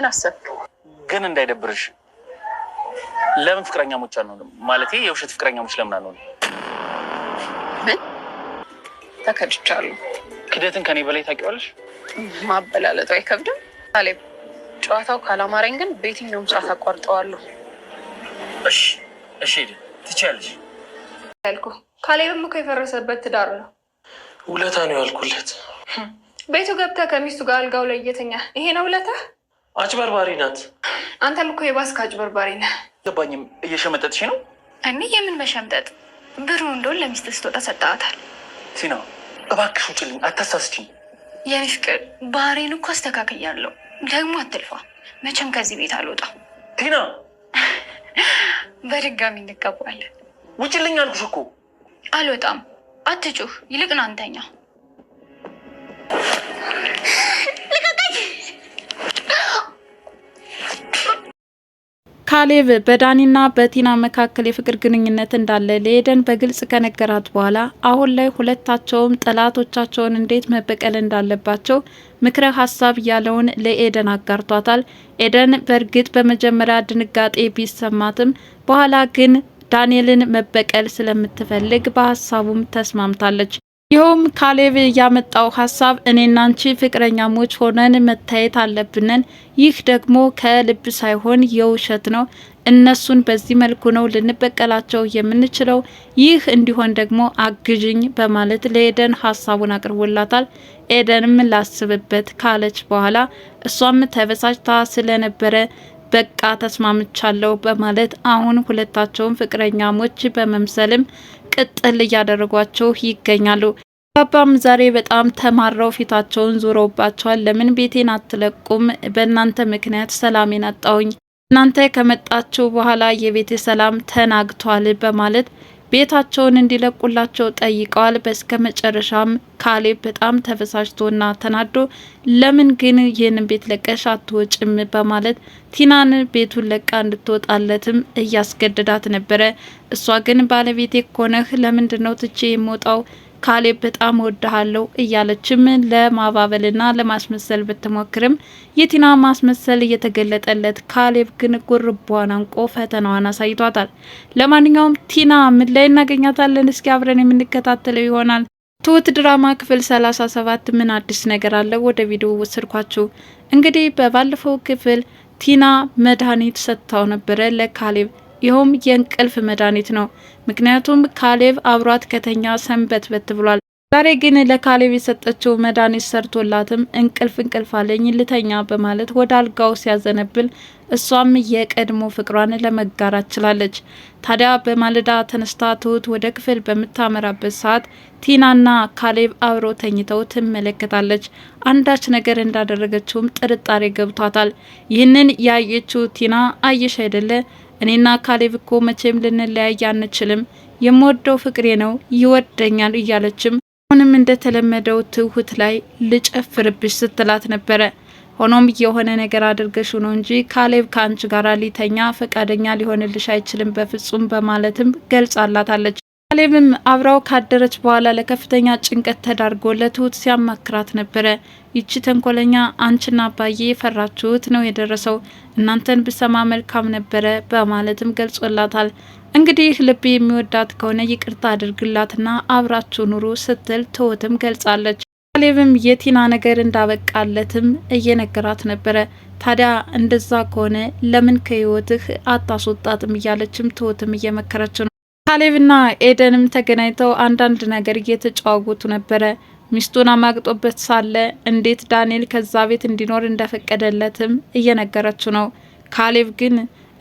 ምን አሰብክ? ግን እንዳይደብርሽ ለምን ፍቅረኛሞች አንሆንም? ማለት የውሸት ፍቅረኛሞች ለምን አንሆንም? ምን ተከድቻለሁ? ክደትን ከኔ በላይ ታውቂዋለሽ። ማበላለጡ አይከብድም። ታሌብ ጨዋታው ካላማረኝ ግን በየትኛውም ሰዓት አቋርጠዋለሁ። እሺ እሺ፣ ትችያለሽ ያልኩህ። ካሌብም እኮ የፈረሰበት ትዳር ነው። ውለታ ነው ያልኩለት። ቤቱ ገብተህ ከሚስቱ ጋር አልጋው ላይ እየተኛ ይሄ ነው ውለታ አጭበርባሪ ናት። አንተም እኮ የባስከ አጭበርባሪ ነህ። ገባኝም። እየሸመጠጥሽ ነው። እኔ የምን መሸምጠጥ? ብሩ እንደሆን ለሚስት ስትወጣ ሰጠዋታል። ሲና እባክሽ ውጭልኝ፣ አታሳስችኝ። የኔ ፍቅር ባህሬን እኮ አስተካክያለሁ። ደግሞ አትልፋ፣ መቼም ከዚህ ቤት አልወጣ ቲና በድጋሚ እንገባለን። ውጭልኝ አልኩሽ እኮ። አልወጣም። አትጩህ፣ ይልቅ ና ካሌብ በዳኒና በቲና መካከል የፍቅር ግንኙነት እንዳለ ለኤደን በግልጽ ከነገራት በኋላ አሁን ላይ ሁለታቸውም ጠላቶቻቸውን እንዴት መበቀል እንዳለባቸው ምክረ ሀሳብ ያለውን ለኤደን አጋርቷታል። ኤደን በእርግጥ በመጀመሪያ ድንጋጤ ቢሰማትም በኋላ ግን ዳንኤልን መበቀል ስለምትፈልግ በሀሳቡም ተስማምታለች። ይኸውም ካሌብ ያመጣው ሀሳብ እኔና አንቺ ፍቅረኛሞች ሆነን መታየት አለብንን። ይህ ደግሞ ከልብ ሳይሆን የውሸት ነው። እነሱን በዚህ መልኩ ነው ልንበቀላቸው የምንችለው። ይህ እንዲሆን ደግሞ አግዥኝ በማለት ለኤደን ሀሳቡን አቅርቦላታል። ኤደንም ላስብበት ካለች በኋላ እሷም ተበሳጭታ ስለነበረ በቃ ተስማምቻለሁ በማለት አሁን ሁለታቸውን ፍቅረኛሞች በመምሰልም ቅጥል እያደረጓቸው ይገኛሉ። አባም ዛሬ በጣም ተማረው ፊታቸውን ዙረውባቸዋል። ለምን ቤቴን አትለቁም? በእናንተ ምክንያት ሰላሜን አጣውኝ? እናንተ ከመጣችሁ በኋላ የቤቴ ሰላም ተናግቷል በማለት ቤታቸውን እንዲለቁላቸው ጠይቀዋል። በስከ መጨረሻም ካሌብ በጣም ተበሳጭቶና ተናዶ ለምን ግን ይህንን ቤት ለቀሽ አትወጭም በማለት ቲናን ቤቱን ለቃ እንድትወጣለትም እያስገደዳት ነበረ። እሷ ግን ባለቤቴ ኮነህ ለምንድን ነው ትቼ የምወጣው ካሌብ በጣም ወድሃለሁ እያለችም ለማባበልና ለማስመሰል ብትሞክርም የቲና ማስመሰል እየተገለጠለት ካሌብ ግን ጉርቧን አንቆ ፈተናዋን አሳይቷታል። ለማንኛውም ቲና ምን ላይ እናገኛታለን? እስኪ አብረን የምንከታተለው ይሆናል። ትሁት ድራማ ክፍል 37 ምን አዲስ ነገር አለ? ወደ ቪዲዮ ወሰድኳችሁ። እንግዲህ በባለፈው ክፍል ቲና መድኃኒት ሰጥታው ነበረ ለካሌብ ይኸውም የእንቅልፍ መድኃኒት ነው። ምክንያቱም ካሌብ አብሯት ከተኛ ሰንበት በት ብሏል። ዛሬ ግን ለካሌብ የሰጠችው መድኃኒት ሰርቶላትም እንቅልፍ እንቅልፍ አለኝ ልተኛ በማለት ወደ አልጋው ሲያዘነብል እሷም የቀድሞ ፍቅሯን ለመጋራት ችላለች። ታዲያ በማለዳ ተነስታ ትሁት ወደ ክፍል በምታመራበት ሰዓት ቲናና ካሌብ አብረው ተኝተው ትመለከታለች። አንዳች ነገር እንዳደረገችውም ጥርጣሬ ገብቷታል። ይህንን ያየችው ቲና አየሽ አይደለ እኔና ካሌብ እኮ መቼም ልንለያይ አንችልም፣ የምወደው ፍቅሬ ነው ይወደኛል እያለችም አሁንም እንደተለመደው ትሁት ላይ ልጨፍርብሽ ስትላት ነበረ። ሆኖም የሆነ ነገር አድርገሽ ነው እንጂ ካሌብ ከአንቺ ጋር ሊተኛ ፈቃደኛ ሊሆንልሽ አይችልም በፍጹም በማለትም ገልጻላታለች። ካሌብም አብራው ካደረች በኋላ ለከፍተኛ ጭንቀት ተዳርጎ ለትሁት ሲያማክራት ነበረ። ይቺ ተንኮለኛ አንቺና አባዬ የፈራችሁት ነው የደረሰው፣ እናንተን ብሰማ መልካም ነበረ በማለትም ገልጾላታል። እንግዲህ ልብ የሚወዳት ከሆነ ይቅርታ አድርግላትና አብራችሁ ኑሩ ስትል ትሁትም ገልጻለች። ካሌብም የቲና ነገር እንዳበቃለትም እየነገራት ነበረ። ታዲያ እንደዛ ከሆነ ለምን ከህይወትህ አታስወጣትም እያለችም ትሁትም እየመከረች ነው። ካሌብና ኤደንም ተገናኝተው አንዳንድ ነገር እየተጫወቱ ነበረ። ሚስቱን አማግጦበት ሳለ እንዴት ዳንኤል ከዛ ቤት እንዲኖር እንደፈቀደለትም እየነገረችው ነው። ካሌብ ግን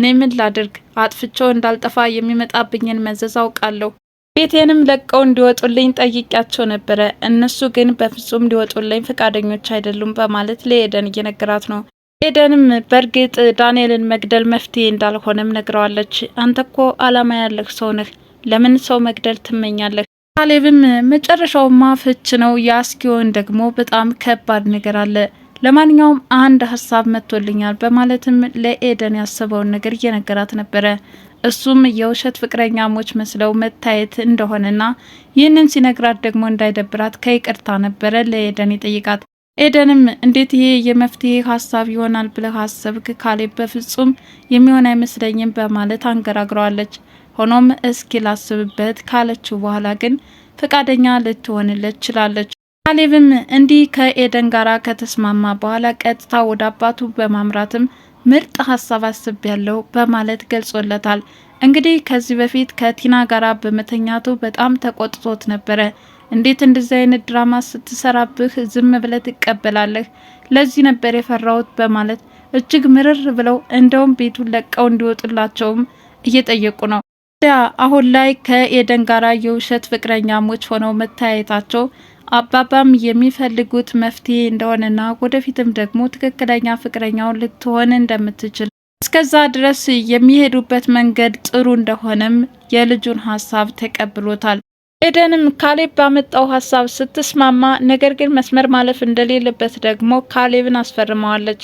እኔ ምን ላድርግ አጥፍቼው እንዳልጠፋ የሚመጣብኝን መዘዝ አውቃለሁ። ቤቴንም ለቀው እንዲወጡልኝ ጠይቂያቸው ነበረ። እነሱ ግን በፍጹም ሊወጡልኝ ፈቃደኞች አይደሉም በማለት ለኤደን እየነገራት ነው። ኤደንም በእርግጥ ዳንኤልን መግደል መፍትሄ እንዳልሆነም ነግረዋለች። አንተ እኮ አላማ ያለህ ሰው ነህ፣ ለምን ሰው መግደል ትመኛለህ? ካሌብም መጨረሻውማ ፍች ነው፣ የአስኪዮን ደግሞ በጣም ከባድ ነገር አለ። ለማንኛውም አንድ ሀሳብ መጥቶልኛል በማለትም ለኤደን ያሰበውን ነገር እየነገራት ነበረ። እሱም የውሸት ፍቅረኛሞች መስለው መታየት እንደሆነና ይህንን ሲነግራት ደግሞ እንዳይደብራት ከይቅርታ ነበረ ለኤደን ይጠይቃት ኤደንም እንዴት ይሄ የመፍትሄ ሀሳብ ይሆናል ብለህ አሰብክ? ካሌብ በፍጹም የሚሆን አይመስለኝም በማለት አንገራግረዋለች። ሆኖም እስኪ ላስብበት ካለችው በኋላ ግን ፈቃደኛ ልትሆንለት ችላለች። ካሌብም እንዲህ ከኤደን ጋር ከተስማማ በኋላ ቀጥታ ወደ አባቱ በማምራትም ምርጥ ሀሳብ አስብ ያለው በማለት ገልጾለታል። እንግዲህ ከዚህ በፊት ከቲና ጋር በመተኛቱ በጣም ተቆጥቶት ነበረ። እንዴት እንደዚህ አይነት ድራማ ስትሰራብህ ዝም ብለህ ትቀበላለህ? ለዚህ ነበር የፈራሁት በማለት እጅግ ምርር ብለው እንደውም ቤቱን ለቀው እንዲወጡላቸውም እየጠየቁ ነው። ታዲያ አሁን ላይ ከኤደን ጋራ የውሸት ፍቅረኛሞች ሆነው መታየታቸው አባባም የሚፈልጉት መፍትሄ እንደሆነና ወደፊትም ደግሞ ትክክለኛ ፍቅረኛው ልትሆን እንደምትችል እስከዛ ድረስ የሚሄዱበት መንገድ ጥሩ እንደሆነም የልጁን ሀሳብ ተቀብሎታል። ኤደንም ካሌብ ባመጣው ሀሳብ ስትስማማ፣ ነገር ግን መስመር ማለፍ እንደሌለበት ደግሞ ካሌብን አስፈርመዋለች።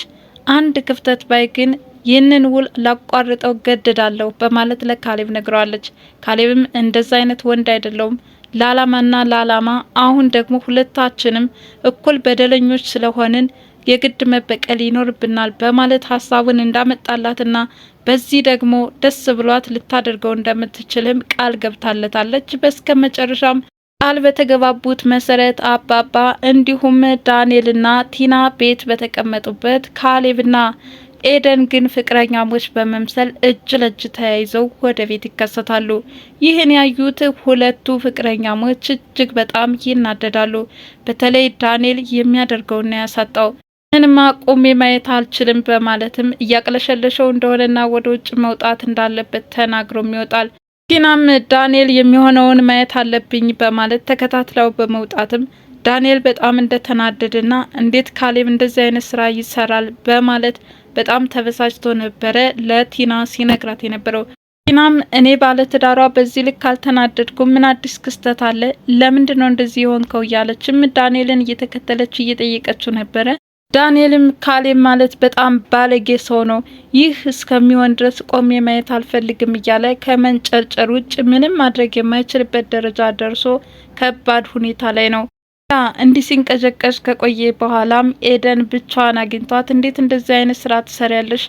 አንድ ክፍተት ባይ ግን ይህንን ውል ላቋርጠው ገድዳለሁ በማለት ለካሌብ ነግረዋለች። ካሌብም እንደዛ አይነት ወንድ አይደለውም ለአላማና ለአላማ አሁን ደግሞ ሁለታችንም እኩል በደለኞች ስለሆንን የግድ መበቀል ይኖርብናል በማለት ሀሳቡን እንዳመጣላትና በዚህ ደግሞ ደስ ብሏት ልታደርገው እንደምትችልም ቃል ገብታለታለች። በስከ መጨረሻም ቃል በተገባቡት መሰረት አባባ እንዲሁም ዳንኤልና ቲና ቤት በተቀመጡበት ካሌብና ኤደን ግን ፍቅረኛሞች በመምሰል እጅ ለእጅ ተያይዘው ወደ ቤት ይከሰታሉ። ይህን ያዩት ሁለቱ ፍቅረኛሞች እጅግ በጣም ይናደዳሉ። በተለይ ዳንኤል የሚያደርገውና ያሳጣው ምንም ቆሜ ማየት አልችልም በማለትም እያቅለሸለሸው እንደሆነና ወደ ውጭ መውጣት እንዳለበት ተናግሮም ይወጣል። ቲናም ዳንኤል የሚሆነውን ማየት አለብኝ በማለት ተከታትለው በመውጣትም ዳንኤል በጣም እንደተናደደና እንዴት ካሌብ እንደዚህ አይነት ስራ ይሰራል በማለት በጣም ተበሳጭቶ ነበረ ለቲና ሲነግራት የነበረው። ቲናም እኔ ባለትዳሯ በዚህ ልክ አልተናደድኩ፣ ምን አዲስ ክስተት አለ? ለምንድን ነው እንደዚህ የሆንከው? እያለችም ዳንኤልን እየተከተለች እየጠየቀችው ነበረ ዳንኤልም ካሌብ ማለት በጣም ባለጌ ሰው ነው፣ ይህ እስከሚሆን ድረስ ቆሜ ማየት አልፈልግም እያለ ከመንጨርጨር ውጭ ምንም ማድረግ የማይችልበት ደረጃ ደርሶ ከባድ ሁኔታ ላይ ነው። ያ እንዲህ ሲንቀዠቀዥ ከቆየ በኋላም ኤደን ብቻዋን አግኝቷት እንዴት እንደዚህ አይነት ስራ ትሰሪያለሽ?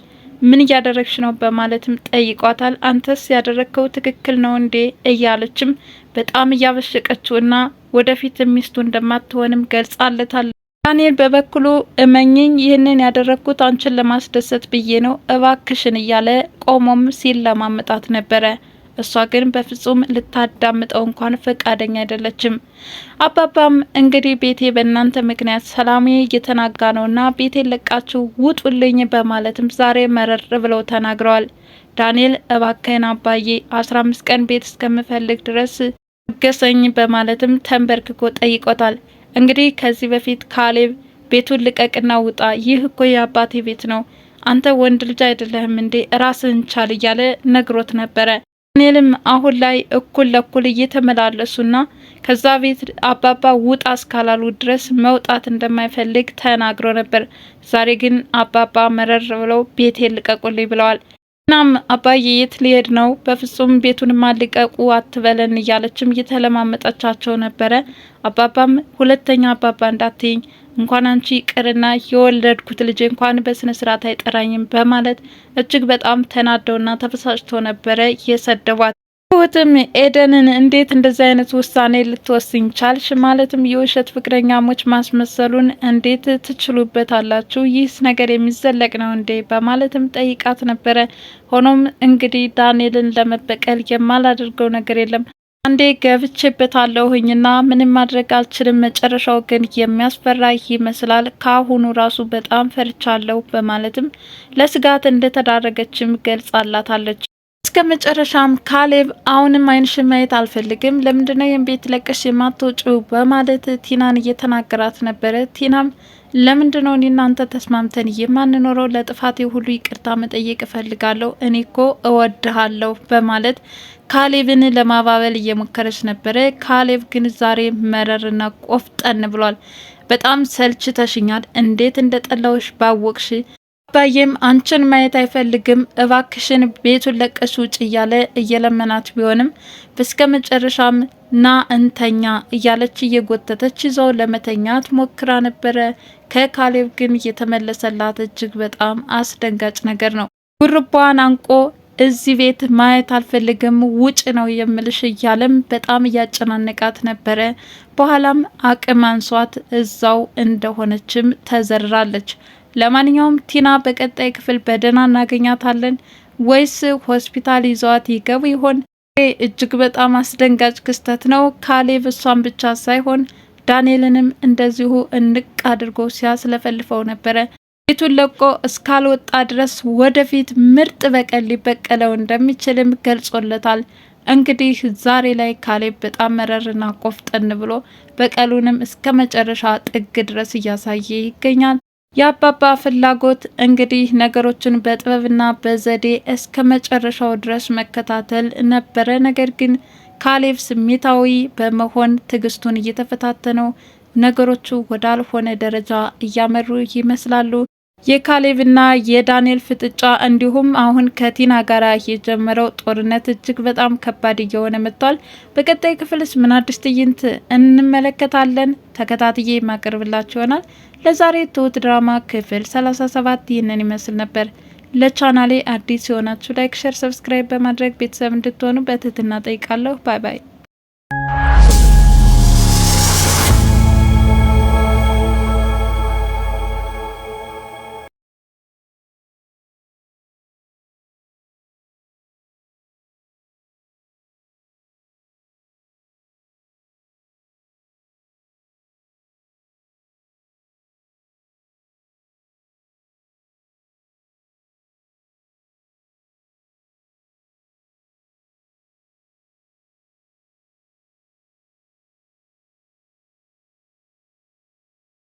ምን እያደረግሽ ነው? በማለትም ጠይቋታል። አንተስ ያደረግከው ትክክል ነው እንዴ? እያለችም በጣም እያበሸቀችው እና ወደፊት ሚስቱ እንደማትሆንም ገልጻለታል። ዳንኤል በበኩሉ እመኝኝ ይህንን ያደረግኩት አንቺን ለማስደሰት ብዬ ነው እባክሽን እያለ ቆሞም ሲል ለማመጣት ነበረ። እሷ ግን በፍጹም ልታዳምጠው እንኳን ፈቃደኛ አይደለችም። አባባም እንግዲህ ቤቴ በእናንተ ምክንያት ሰላሜ እየተናጋ ነውና ቤቴ ለቃችሁ ውጡልኝ በማለትም ዛሬ መረር ብለው ተናግረዋል። ዳንኤል እባክህን አባዬ አስራ አምስት ቀን ቤት እስከምፈልግ ድረስ ገሰኝ በማለትም ተንበርክኮ ጠይቆታል። እንግዲህ ከዚህ በፊት ካሌብ ቤቱን ልቀቅና ውጣ፣ ይህ እኮ የአባቴ ቤት ነው፣ አንተ ወንድ ልጅ አይደለህም እንዴ ራስህን ቻል እያለ ነግሮት ነበረ። ዳንኤልም አሁን ላይ እኩል ለኩል እየተመላለሱና ከዛ ቤት አባባ ውጣ እስካላሉ ድረስ መውጣት እንደማይፈልግ ተናግሮ ነበር። ዛሬ ግን አባባ መረር ብለው ቤቴን ልቀቁልኝ ብለዋል። እናም አባዬ የት ሊሄድ ነው? በፍጹም ቤቱን ማልቀቁ አትበለን እያለችም እየተለማመጠቻቸው ነበረ። አባባም ሁለተኛ አባባ እንዳትኝ እንኳን አንቺ ይቅርና የወለድኩት ልጅ እንኳን በስነ ስርዓት አይጠራኝም በማለት እጅግ በጣም ተናደውና ተበሳጭቶ ነበረ የሰደቧት። ትሁትም ኤደንን እንዴት እንደዚህ አይነት ውሳኔ ልትወስኝ ቻልሽ? ማለትም የውሸት ፍቅረኛሞች ማስመሰሉን እንዴት ትችሉበታላችሁ? ይህስ ነገር የሚዘለቅ ነው እንዴ? በማለትም ጠይቃት ነበረ። ሆኖም እንግዲህ ዳንኤልን ለመበቀል የማላደርገው ነገር የለም አንዴ ገብቼበታለሁኝና ምንም ማድረግ አልችልም። መጨረሻው ግን የሚያስፈራ ይመስላል። ከአሁኑ ራሱ በጣም ፈርቻለሁ በማለትም ለስጋት እንደተዳረገችም ገልጻላታለች። እስከ መጨረሻም ካሌብ አሁንም አይንሽን ማየት አልፈልግም፣ ለምንድነው ይህን ቤት ለቀሽ የማትወጪው? በማለት ቲናን እየተናገራት ነበረ። ቲናም ለምንድነው እኔ እናንተ ተስማምተን የማንኖረው? ለጥፋቴ ሁሉ ይቅርታ መጠየቅ እፈልጋለሁ። እኔ እኮ እወድሃለሁ በማለት ካሌብን ለማባበል እየሞከረች ነበረ። ካሌብ ግን ዛሬ መረርና ቆፍጠን ብሏል። በጣም ሰልችተሽኛል፣ እንዴት እንደ ጠላዎች ባወቅሽ አባዬም አንቺን ማየት አይፈልግም እባክሽን ቤቱን ለቀሽ ውጭ እያለ እየለመናት ቢሆንም እስከ መጨረሻም ና እንተኛ እያለች እየጎተተች ይዘው ለመተኛት ሞክራ ነበረ። ከካሌብ ግን እየተመለሰላት እጅግ በጣም አስደንጋጭ ነገር ነው። ጉርቧን አንቆ እዚህ ቤት ማየት አልፈልግም ውጭ ነው የምልሽ እያለም በጣም እያጨናነቃት ነበረ። በኋላም አቅም አንሷት እዛው እንደሆነችም ተዘርራለች። ለማንኛውም ቲና በቀጣይ ክፍል በደህና እናገኛታለን ወይስ ሆስፒታል ይዘዋት ይገቡ ይሆን? እጅግ በጣም አስደንጋጭ ክስተት ነው። ካሌብ እሷን ብቻ ሳይሆን ዳንኤልንም እንደዚሁ እንቅ አድርጎ ሲያስለፈልፈው ነበረ። ቤቱን ለቆ እስካልወጣ ድረስ ወደፊት ምርጥ በቀል ሊበቀለው እንደሚችልም ገልጾለታል። እንግዲህ ዛሬ ላይ ካሌብ በጣም መረርና ቆፍጠን ብሎ በቀሉንም እስከ መጨረሻ ጥግ ድረስ እያሳየ ይገኛል። የአባባ ፍላጎት እንግዲህ ነገሮችን በጥበብና በዘዴ እስከ መጨረሻው ድረስ መከታተል ነበረ። ነገር ግን ካሌብ ስሜታዊ በመሆን ትዕግስቱን እየተፈታተነው ነገሮቹ ወዳልሆነ ደረጃ እያመሩ ይመስላሉ። የካሌብና የዳንኤል ፍጥጫ እንዲሁም አሁን ከቲና ጋር የጀመረው ጦርነት እጅግ በጣም ከባድ እየሆነ መጥቷል። በቀጣይ ክፍልስ ምን አዲስ ትዕይንት እንመለከታለን? ተከታትዬ የማቀርብላችሁ ይሆናል። ለዛሬ ትሁት ድራማ ክፍል 37 ይህንን ይመስል ነበር። ለቻናሌ አዲስ የሆናችሁ ላይክ፣ ሸር፣ ሰብስክራይብ በማድረግ ቤተሰብ እንድትሆኑ በትህትና ጠይቃለሁ። ባይ ባይ።